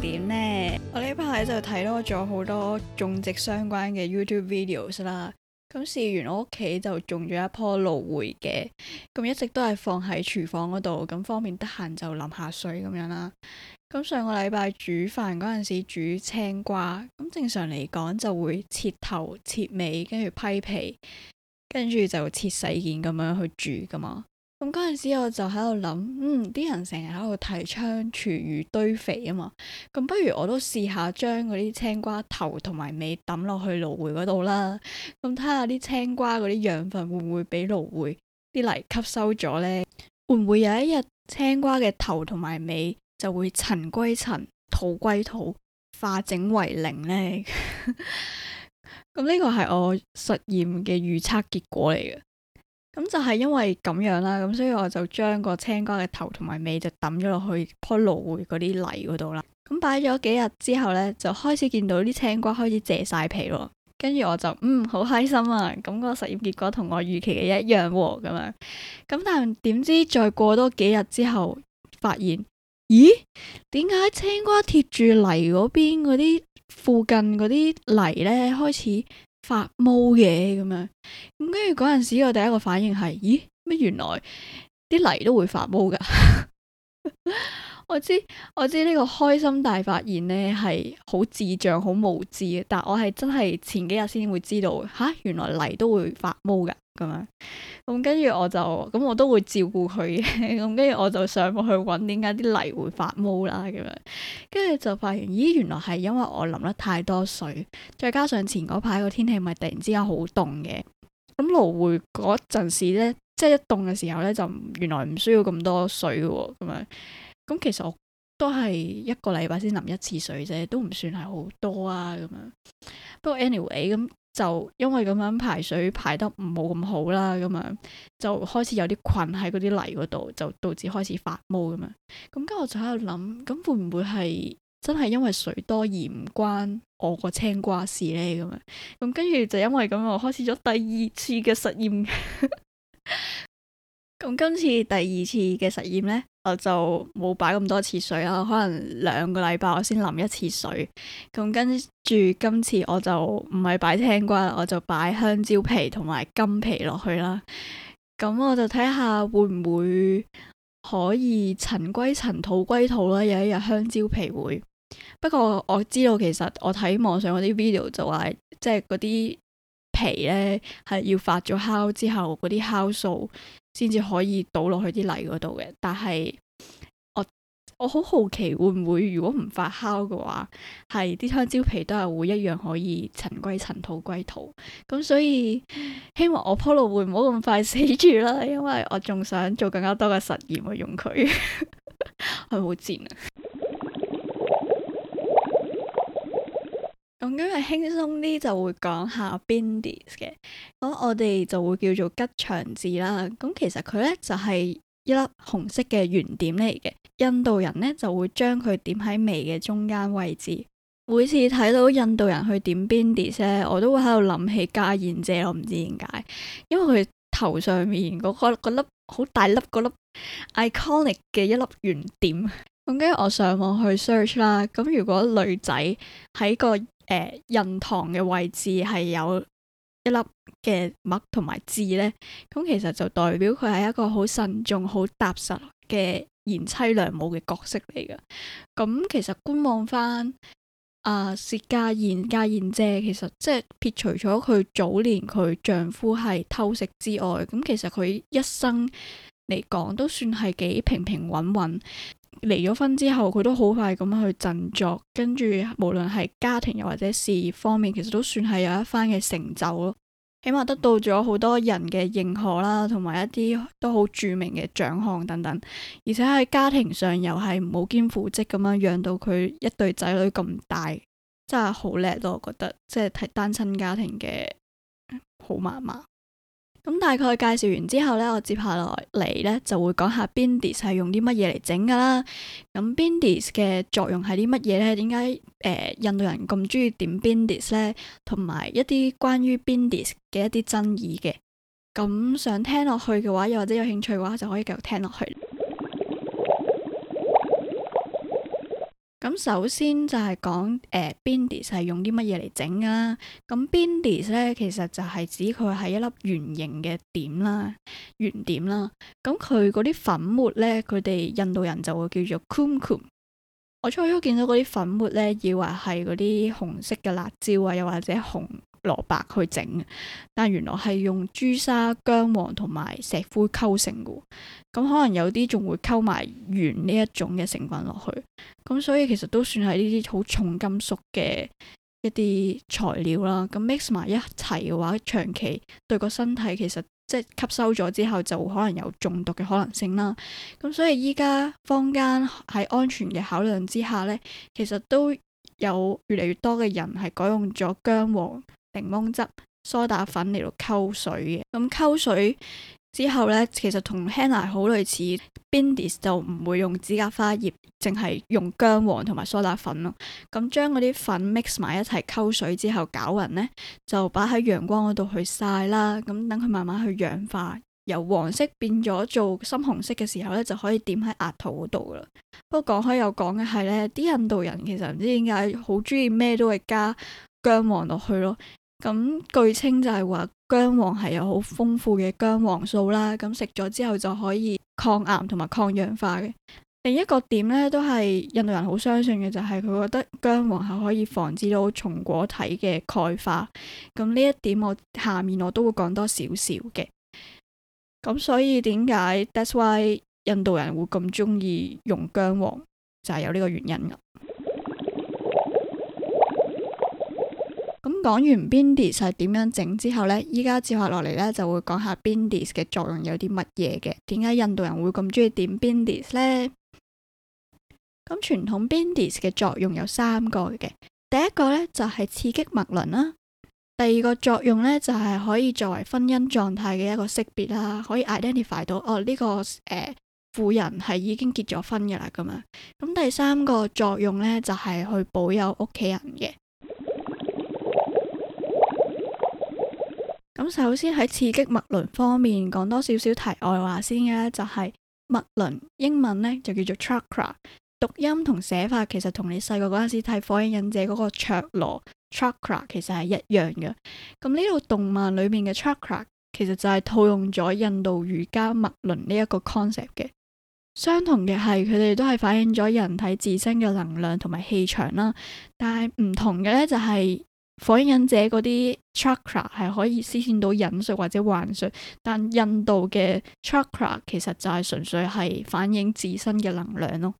點咧？呢我呢排就睇多咗好多種植相關嘅 YouTube videos 啦。咁試完我屋企就種咗一棵蘆薈嘅，咁一直都係放喺廚房嗰度，咁方便得閒就淋下水咁樣啦。咁上個禮拜煮飯嗰陣時煮青瓜，咁正常嚟講就會切頭切尾，跟住批皮，跟住就切細件咁樣去煮㗎嘛。咁嗰陣時我就喺度諗，嗯，啲人成日喺度提倡廚餘堆肥啊嘛，咁不如我都試下將嗰啲青瓜頭同埋尾抌落去蘆薈嗰度啦，咁睇下啲青瓜嗰啲養分會唔會俾蘆薈啲泥吸收咗呢？會唔會有一日青瓜嘅頭同埋尾就會塵歸塵，土歸土，化整為零呢？咁 呢個係我實驗嘅預測結果嚟嘅。咁就係因為咁樣啦，咁所以我就將個青瓜嘅頭同埋尾就抌咗落去棵蘆薈嗰啲泥嗰度啦。咁擺咗幾日之後呢，就開始見到啲青瓜開始謝晒皮咯。跟住我就嗯，好開心啊，咁個實驗結果同我預期嘅一樣咁樣。咁但係點知再過多幾日之後，發現咦，點解青瓜貼住泥嗰邊嗰啲附近嗰啲泥呢？開始？發毛嘅咁樣，咁跟住嗰陣時，我第一個反應係，咦？乜原來啲泥都會發毛㗎。 我知我知呢個開心大發現呢係好智障好無知嘅，但我係真係前幾日先會知道吓，原來泥都會發毛噶咁樣，咁跟住我就咁我都會照顧佢嘅，咁跟住我就上網去揾點解啲泥會發毛啦咁樣，跟住就發現，咦，原來係因為我淋得太多水，再加上前嗰排個天氣咪突然之間好凍嘅，咁蘆薈嗰陣時呢，即係一凍嘅時候呢，就原來唔需要咁多水嘅咁樣。咁其實我都係一個禮拜先淋一次水啫，都唔算係好多啊，咁樣。不過 anyway，咁就因為咁樣排水排得唔冇咁好啦，咁樣就開始有啲菌喺嗰啲泥嗰度，就導致開始發毛咁樣。咁跟住我就喺度諗，咁會唔會係真係因為水多而唔關我個青瓜事呢？咁樣，咁跟住就因為咁，我開始咗第二次嘅實驗。咁 今次第二次嘅實驗呢？我就冇擺咁多次水啦，可能兩個禮拜我先淋一次水。咁跟住今次我就唔係擺青瓜啦，我就擺香蕉皮同埋金皮落去啦。咁我就睇下會唔會可以塵歸塵土歸土啦。有一日香蕉皮會，不過我知道其實我睇網上嗰啲 video 就話，即係嗰啲皮呢係要發咗酵之後嗰啲酵素。先至可以倒落去啲泥嗰度嘅，但係我我好好奇會唔會如果唔發酵嘅話，係啲香蕉皮都係會一樣可以塵歸塵土歸土咁，所以希望我 Polo 會唔好咁快死住啦，因為我仲想做更加多嘅實驗去用佢，佢好賤啊！咁今日輕鬆啲就會講下 Bindi 嘅，咁我哋就會叫做吉祥痣啦。咁其實佢呢就係、是、一粒紅色嘅圓點嚟嘅，印度人呢就會將佢點喺眉嘅中間位置。每次睇到印度人去點 Bindi 我都會喺度諗起家燕姐，我唔知點解，因為佢頭上面、那、嗰個粒好、那個那個、大粒嗰粒 iconic 嘅一粒圓點。咁跟住我上網去 search 啦，咁如果女仔喺個誒、呃、印堂嘅位置係有一粒嘅墨同埋痣呢，咁其實就代表佢係一個好慎重、好踏實嘅賢妻良母嘅角色嚟㗎。咁其實觀望翻啊，薛家燕家燕姐，其實即係撇除咗佢早年佢丈夫係偷食之外，咁其實佢一生嚟講都算係幾平平穩穩，離咗婚之後佢都好快咁去振作，跟住無論係家庭又或者事業方面，其實都算係有一番嘅成就咯。起碼得到咗好多人嘅認可啦，同埋一啲都好著名嘅獎項等等。而且喺家庭上又係母兼父職咁樣養到佢一對仔女咁大，真係好叻咯！我覺得即係睇單親家庭嘅好媽媽。咁大概介紹完之後呢，我接下來嚟呢就會講下 Bindis 係用啲乜嘢嚟整㗎啦。咁 Bindis 嘅作用係啲乜嘢呢？點解誒印度人咁中意點 Bindis 呢？同埋一啲關於 Bindis 嘅一啲爭議嘅。咁想聽落去嘅話，又或者有興趣嘅話，就可以繼續聽落去。咁首先就係講誒、呃、Bindis 係用啲乜嘢嚟整啊？咁 Bindis 咧，其實就係指佢係一粒圓形嘅點啦，圓點啦。咁佢嗰啲粉末咧，佢哋印度人就會叫做 kumkum。我初初見到嗰啲粉末咧，以為係嗰啲紅色嘅辣椒啊，又或者紅蘿蔔去整，但原來係用朱砂、薑黃同埋石灰溝成嘅，咁、嗯、可能有啲仲會溝埋鉛呢一種嘅成分落去，咁、嗯、所以其實都算係呢啲好重金屬嘅一啲材料啦。咁 mix 埋一齊嘅話，長期對個身體其實即係吸收咗之後，就可能有中毒嘅可能性啦。咁、嗯、所以依家坊間喺安全嘅考量之下呢，其實都有越嚟越多嘅人係改用咗薑黃、檸檬汁、梳打粉嚟到溝水嘅，咁、嗯、溝水之後呢，其實同 Henna 好類似，Bindis 就唔會用指甲花葉，淨係用薑黃同埋梳打粉咯。咁將嗰啲粉 mix 埋一齊，溝水之後攪勻呢，就擺喺陽光嗰度去曬啦。咁等佢慢慢去氧化，由黃色變咗做深紅色嘅時候呢，就可以點喺額頭嗰度啦。不過講開又講嘅係呢啲印度人其實唔知點解好中意咩都係加薑黃落去咯。咁據稱就係話薑黃係有好豐富嘅薑黃素啦，咁食咗之後就可以抗癌同埋抗氧化嘅。另一個點呢，都係印度人好相信嘅，就係、是、佢覺得薑黃係可以防止到松果體嘅鈣化。咁呢一點我下面我都會講多少少嘅。咁所以點解 That's why 印度人會咁鍾意用薑黃，就係、是、有呢個原因㗎。講完 Bindis 係點樣整之後呢？依家接下落嚟呢，就會講下 Bindis 嘅作用有啲乜嘢嘅，點解印度人會咁中意點 Bindis 呢？咁傳統 Bindis 嘅作用有三個嘅，第一個呢，就係刺激脈輪啦，第二個作用呢，就係可以作為婚姻狀態嘅一個識別啦，可以 identify 到哦呢、這個誒婦、呃、人係已經結咗婚噶啦咁樣，咁第三個作用呢，就係去保佑屋企人嘅。咁首先喺刺激脈輪方面講多少少題外話先嘅，就係脈輪英文呢就叫做 chakra，讀音同寫法其實同你細個嗰陣時睇《火影忍者》嗰個卓羅 chakra 其實係一樣嘅。咁呢度動漫裏面嘅 chakra 其實就係套用咗印度瑜伽脈輪呢一個 concept 嘅，相同嘅係佢哋都係反映咗人體自身嘅能量同埋氣場啦，但係唔同嘅呢就係，火影忍者嗰啲 chakra 係可以施展到隱術或者幻術，但印度嘅 chakra 其實就係純粹係反映自身嘅能量咯。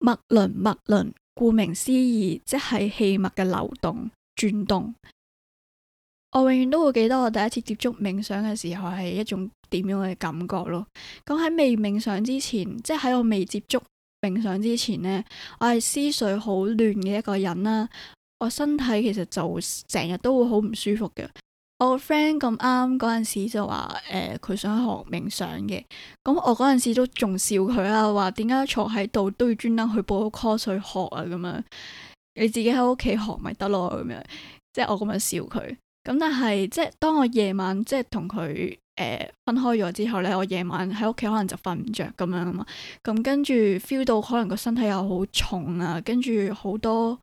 脈輪，脈輪，顧名思義，即係氣脈嘅流動、轉動。我永遠都會記得我第一次接觸冥想嘅時候係一種點樣嘅感覺咯。咁喺未冥想之前，即係喺我未接觸冥想之前呢，我係思緒好亂嘅一個人啦。個身體其實就成日都會好唔舒服嘅。我個 friend 咁啱嗰陣時就話，誒、呃，佢想學冥想嘅。咁我嗰陣時都仲笑佢啊，話點解坐喺度都要專登去報個 course 去學啊，咁樣你自己喺屋企學咪得咯，咁樣。即係我咁樣笑佢。咁但係即係當我夜晚即係同佢誒分開咗之後咧，我夜晚喺屋企可能就瞓唔着咁樣啊嘛。咁跟住 feel 到可能個身體又好重啊，跟住好多。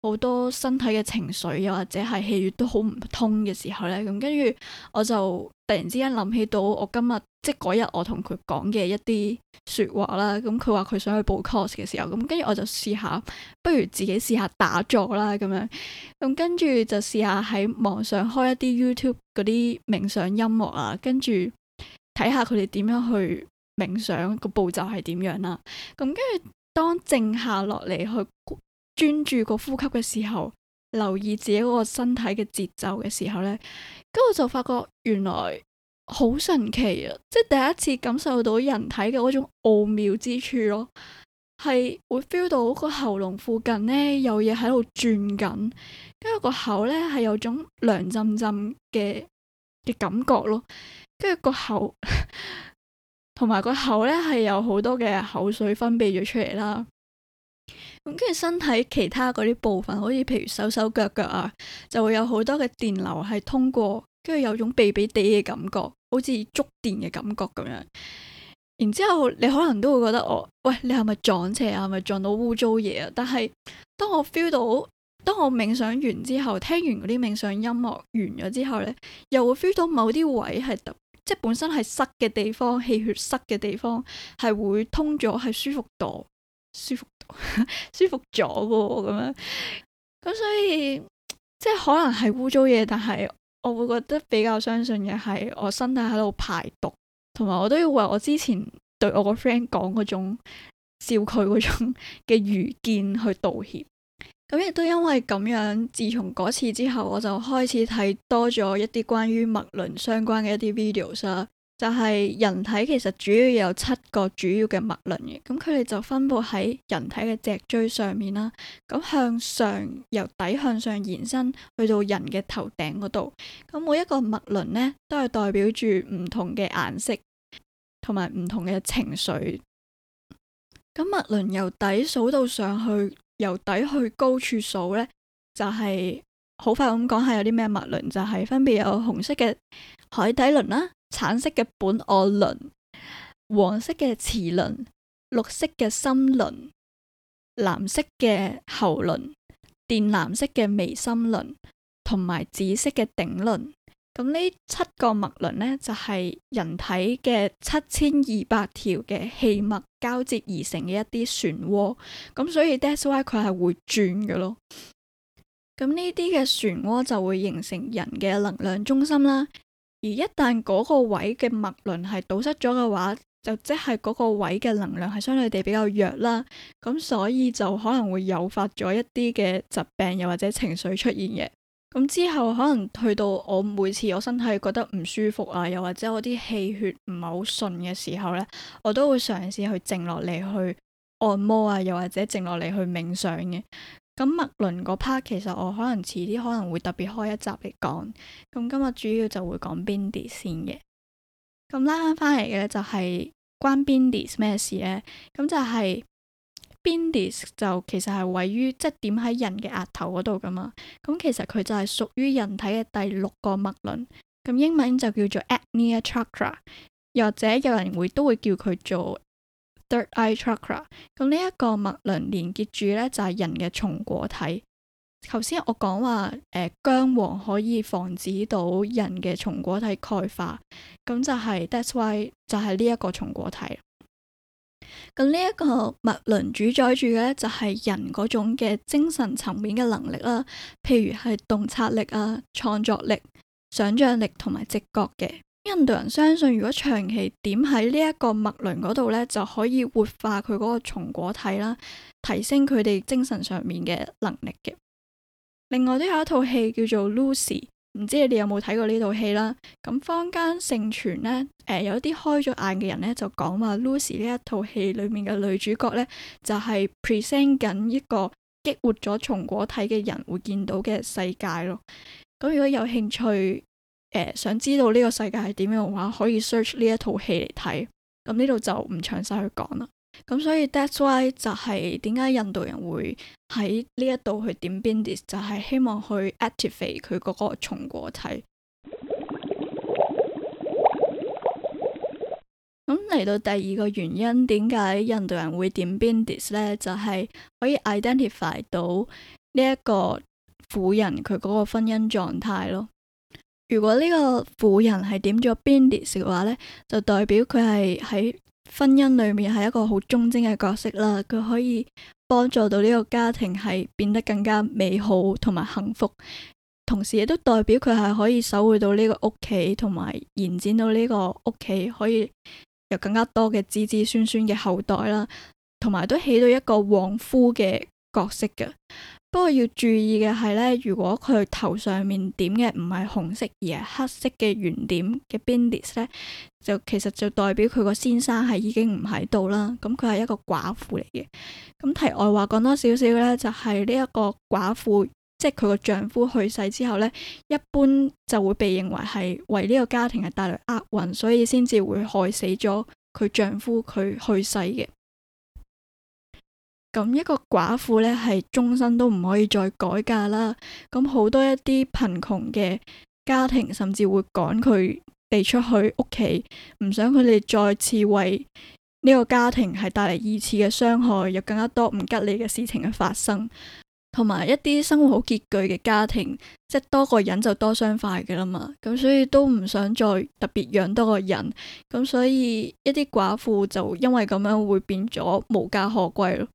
好多身體嘅情緒又或者係氣血都好唔通嘅時候呢。咁跟住我就突然之間諗起到我今日，即係嗰日我同佢講嘅一啲說話啦，咁佢話佢想去報 course 嘅時候，咁跟住我就試下，不如自己試下打坐啦，咁樣，咁跟住就試下喺網上開一啲 YouTube 嗰啲冥想音樂啊，跟住睇下佢哋點樣去冥想個步驟係點樣啦，咁跟住當靜下落嚟去。專注個呼吸嘅時候，留意自己嗰個身體嘅節奏嘅時候咧，咁我就發覺原來好神奇啊！即係第一次感受到人體嘅嗰種奧妙之處咯，係會 feel 到個喉嚨附近呢有嘢喺度轉緊，跟住個口呢係有種涼浸浸嘅嘅感覺咯，跟住個口同 埋個口呢係有好多嘅口水分泌咗出嚟啦。跟住身體其他嗰啲部分，好似譬如手手腳腳啊，就會有好多嘅電流係通過，跟住有種痺痺地嘅感覺，好似觸電嘅感覺咁樣。然之後你可能都會覺得哦，喂，你係咪撞邪啊？係咪撞到污糟嘢啊？但係當我 feel 到，當我冥想完之後，聽完嗰啲冥想音樂完咗之後呢，又會 feel 到某啲位係特，即係本身係塞嘅地方，氣血塞嘅地方，係會通咗，係舒服多。 舒服舒服咗喎，咁樣，咁所以即係可能係污糟嘢，但係我會覺得比較相信嘅係我身體喺度排毒，同埋我都要為我之前對我個 friend 講嗰種笑佢嗰種嘅愚見去道歉。咁亦都因為咁樣，自從嗰次之後，我就開始睇多咗一啲關於墨麟相關嘅一啲 video 啦。就係人體其實主要有七個主要嘅脈輪嘅，咁佢哋就分佈喺人體嘅脊椎上面啦,咁向上由底向上延伸去到人嘅頭頂嗰度，咁每一個脈輪呢都係代表住唔同嘅顏色，同埋唔同嘅情緒。咁脈輪由底數到上去，由底去高處數呢，就係、是、好快咁講下有啲咩脈輪，就係、是、分別有紅色嘅海底輪啦。橙色嘅本我輪、黃色嘅臍輪、綠色嘅心輪、藍色嘅喉輪、靛藍色嘅眉心輪同埋紫色嘅頂輪。咁呢七個脈輪呢，就係、是、人體嘅七千二百條嘅氣脈交接而成嘅一啲旋渦。咁所以，That's why 佢係會轉嘅咯。咁呢啲嘅旋渦就會形成人嘅能量中心啦。而一旦嗰個位嘅脈輪係堵塞咗嘅話，就即係嗰個位嘅能量係相對地比較弱啦。咁所以就可能會誘發咗一啲嘅疾病，又或者情緒出現嘅。咁之後可能去到我每次我身體覺得唔舒服啊，又或者我啲氣血唔係好順嘅時候呢，我都會嘗試去靜落嚟去按摩啊，又或者靜落嚟去冥想嘅。咁脈輪嗰 part 其實我可能遲啲可能會特別開一集嚟講，咁今日主要就會講 Bindi 先嘅。咁拉翻翻嚟嘅就係關 Bindi 咩事呢？咁就係 Bindi 就其實係位於即、就係、點喺人嘅額頭嗰度噶嘛。咁其實佢就係屬於人體嘅第六個脈輪，咁英文就叫做 Ajna Chakra，又或者有人會都會叫佢做，Third eye chakra，咁呢一個脈輪連接住呢，就係、是、人嘅松果體。頭先我講話誒薑、呃、黃可以防止到人嘅松果體鈣化，咁就係、是、that’s why 就係呢一個松果體。咁呢一個脈輪主宰住嘅呢，就係、是、人嗰種嘅精神層面嘅能力啦，譬如係洞察力啊、創作力、想象力同埋直覺嘅。印度人相信，如果長期點喺呢一個脈輪嗰度呢，就可以活化佢嗰個松果體啦，提升佢哋精神上面嘅能力嘅。另外，都有一套戲叫做《Lucy》，唔知你哋有冇睇過呢套戲啦。咁坊間盛傳呢，誒、呃，有啲開咗眼嘅人呢，就講話，《Lucy》呢一套戲裏面嘅女主角呢，就係 present 緊一個激活咗松果體嘅人會見到嘅世界咯。咁如果有興趣。想知道呢個世界係點樣嘅話，可以 search 呢一套戲嚟睇。咁呢度就唔詳細去講啦。咁所以 that's why 就係點解印度人會喺呢一度去點 bindis，就係希望去 activate 佢嗰個松果體。咁嚟到第二個原因，點解印度人會點 bindis 呢？就係、是、可以 identify 到呢一個婦人佢嗰個婚姻狀態咯。如果呢個婦人係點咗 Bindi 嘅話呢，就代表佢係喺婚姻裏面係一個好忠貞嘅角色啦。佢可以幫助到呢個家庭係變得更加美好同埋幸福，同時亦都代表佢係可以守護到呢個屋企，同埋延展到呢個屋企可以有更加多嘅子子孫孫嘅後代啦，同埋都起到一個旺夫嘅角色嘅。不過要注意嘅係呢，如果佢頭上面點嘅唔係紅色，而係黑色嘅圓點嘅 Bindis 呢，就其實就代表佢個先生係已經唔喺度啦。咁佢係一個寡婦嚟嘅。咁題外話講多少少呢，就係呢一個寡婦，即係佢個丈夫去世之後呢，一般就會被認為係為呢個家庭係帶來厄運，所以先至會害死咗佢丈夫佢去世嘅。咁一個寡婦呢，係終身都唔可以再改嫁啦。咁好多一啲貧窮嘅家庭，甚至會趕佢哋出去屋企，唔想佢哋再次為呢個家庭係帶嚟二次嘅傷害，有更加多唔吉利嘅事情嘅發生。同埋一啲生活好拮據嘅家庭，即係多個人就多雙筷㗎啦嘛。咁所以都唔想再特別養多個人。咁所以一啲寡婦就因為咁樣會變咗無家可歸咯。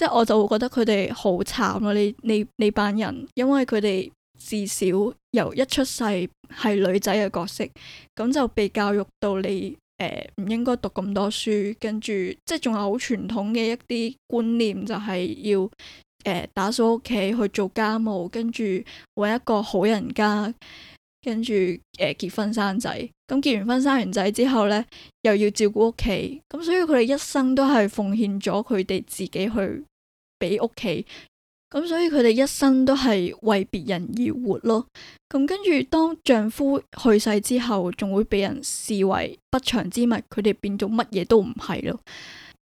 即係我就會覺得佢哋好慘咯，你你你班人，因為佢哋至少由一出世係女仔嘅角色，咁就被教育到你誒唔、呃、應該讀咁多書，跟住即係仲有好傳統嘅一啲觀念，就係、是、要誒、呃、打掃屋企去做家務，跟住搵一個好人家，跟住誒、呃、結婚生仔。咁結完婚生完仔之後咧，又要照顧屋企，咁所以佢哋一生都係奉獻咗佢哋自己去。俾屋企，咁所以佢哋一生都係為別人而活咯。咁跟住當丈夫去世之後，仲會俾人視為不祥之物，佢哋變做乜嘢都唔係咯。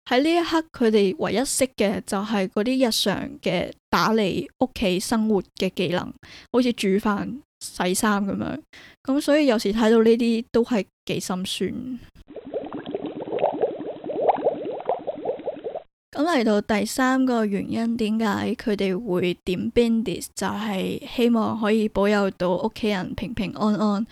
喺呢一刻，佢哋唯一識嘅就係嗰啲日常嘅打理屋企生活嘅技能，好似煮飯、洗衫咁樣。咁所以有時睇到呢啲都係幾心酸。咁嚟到第三個原因，點解佢哋會點 Bindis？就係希望可以保佑到屋企人平平安安。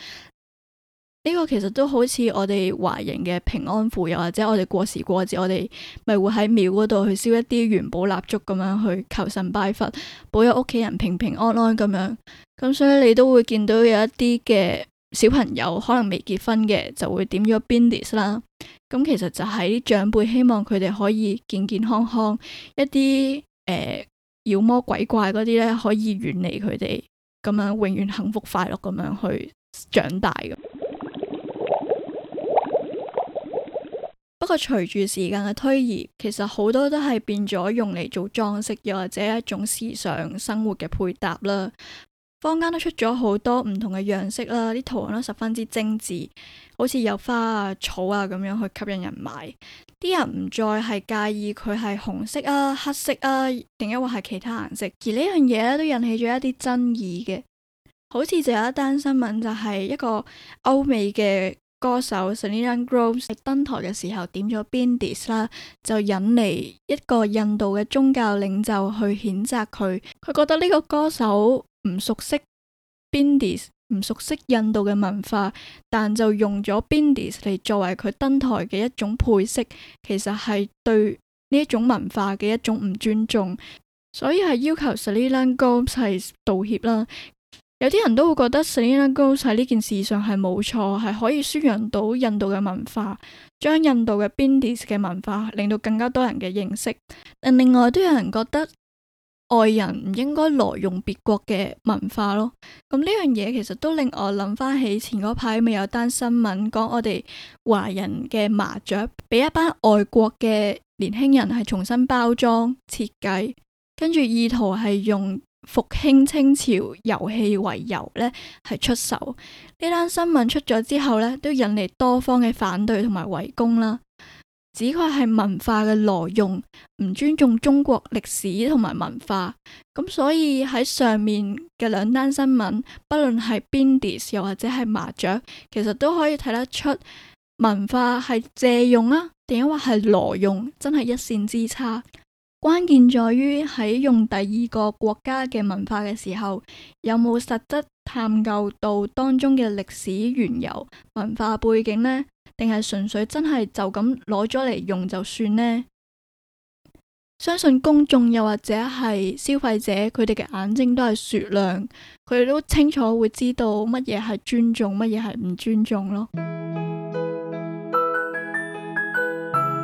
呢個其實都好似我哋華人嘅平安符，又或者我哋過時過節，我哋咪會喺廟嗰度去燒一啲元寶蠟燭咁樣去求神拜佛，保佑屋企人平平安安咁樣。咁所以你都會見到有一啲嘅小朋友可能未結婚嘅，就會點咗 Bindis 啦。咁其實就係啲長輩希望佢哋可以健健康康，一啲誒、呃、妖魔鬼怪嗰啲咧可以遠離佢哋，咁樣永遠幸福快樂咁樣去長大。 不過隨住時間嘅推移，其實好多都係變咗用嚟做裝飾，又或者一種時尚生活嘅配搭啦。坊間都出咗好多唔同嘅樣式啦，啲圖案都十分之精緻，好似有花啊、草啊咁樣去吸引人買。啲人唔再係介意佢係紅色啊、黑色啊，定抑或係其他顏色。而呢樣嘢咧都引起咗一啲爭議嘅，好似就有一單新聞就係一個歐美嘅歌手 Selena Gomez 喺登台嘅時候點咗 Bindis 啦，就引嚟一個印度嘅宗教領袖去譴責佢。佢覺得呢個歌手，唔熟悉 Bindis，唔熟悉印度嘅文化，但就用咗 Bindis 嚟作為佢登台嘅一種配飾，其實係對呢一種文化嘅一種唔尊重，所以係要求 Selena Gomez 係道歉啦。有啲人都會覺得 Selena Gomez 係呢件事上係冇錯，係可以宣揚到印度嘅文化，將印度嘅 Bindis 嘅文化令到更加多人嘅認識。但另外都有人覺得。外人唔應該挪用別國嘅文化咯，咁呢樣嘢其實都令我諗翻起前嗰排咪有單新聞講我哋華人嘅麻雀俾一班外國嘅年輕人係重新包裝設計，跟住意圖係用復興清朝遊戲為由呢係出售。呢單新聞出咗之後呢都引嚟多方嘅反對同埋圍攻啦。只佢係文化嘅挪用，唔尊重中國歷史同埋文化，咁所以喺上面嘅兩單新聞，不論係 Bindis 又或者係麻雀，其實都可以睇得出文化係借用啊，定抑或係挪用，真係一線之差。關鍵在於喺用第二個國家嘅文化嘅時候，有冇實質探究到當中嘅歷史原由、文化背景呢？定係純粹真係就咁攞咗嚟用就算呢？相信公眾又或者係消費者，佢哋嘅眼睛都係雪亮，佢哋都清楚會知道乜嘢係尊重，乜嘢係唔尊重咯。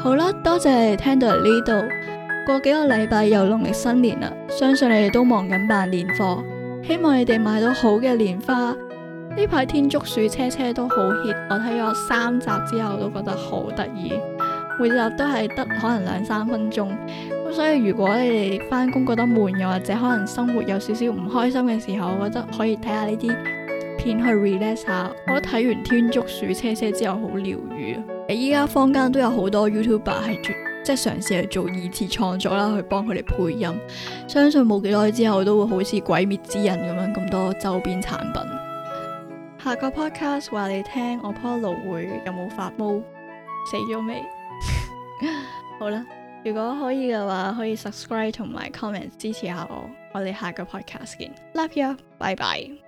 好啦，多謝聽到呢度。過幾個禮拜又農曆新年啦，相信你哋都忙緊辦年貨，希望你哋買到好嘅年花。呢排天竺鼠車車都好 hit，我睇咗三集之後都覺得好得意，每集都係得可能兩三分鐘，咁所以如果你哋翻工覺得悶，又或者可能生活有少少唔開心嘅時候，我覺得可以睇下呢啲片去 relax 下。我都睇完天竺鼠車車之後好療癒，依家坊間都有好多 YouTuber 係專。即係嘗試嚟做二次創作啦，去幫佢哋配音。相信冇幾耐之後都會好似《鬼滅之刃》咁樣咁多周邊產品。下個 podcast 話你聽，我波蘆薈有冇發毛？死咗未？ 好啦，如果可以嘅話，可以 subscribe 同埋 comment 支持下我。我哋下個 podcast 見，love you，拜拜。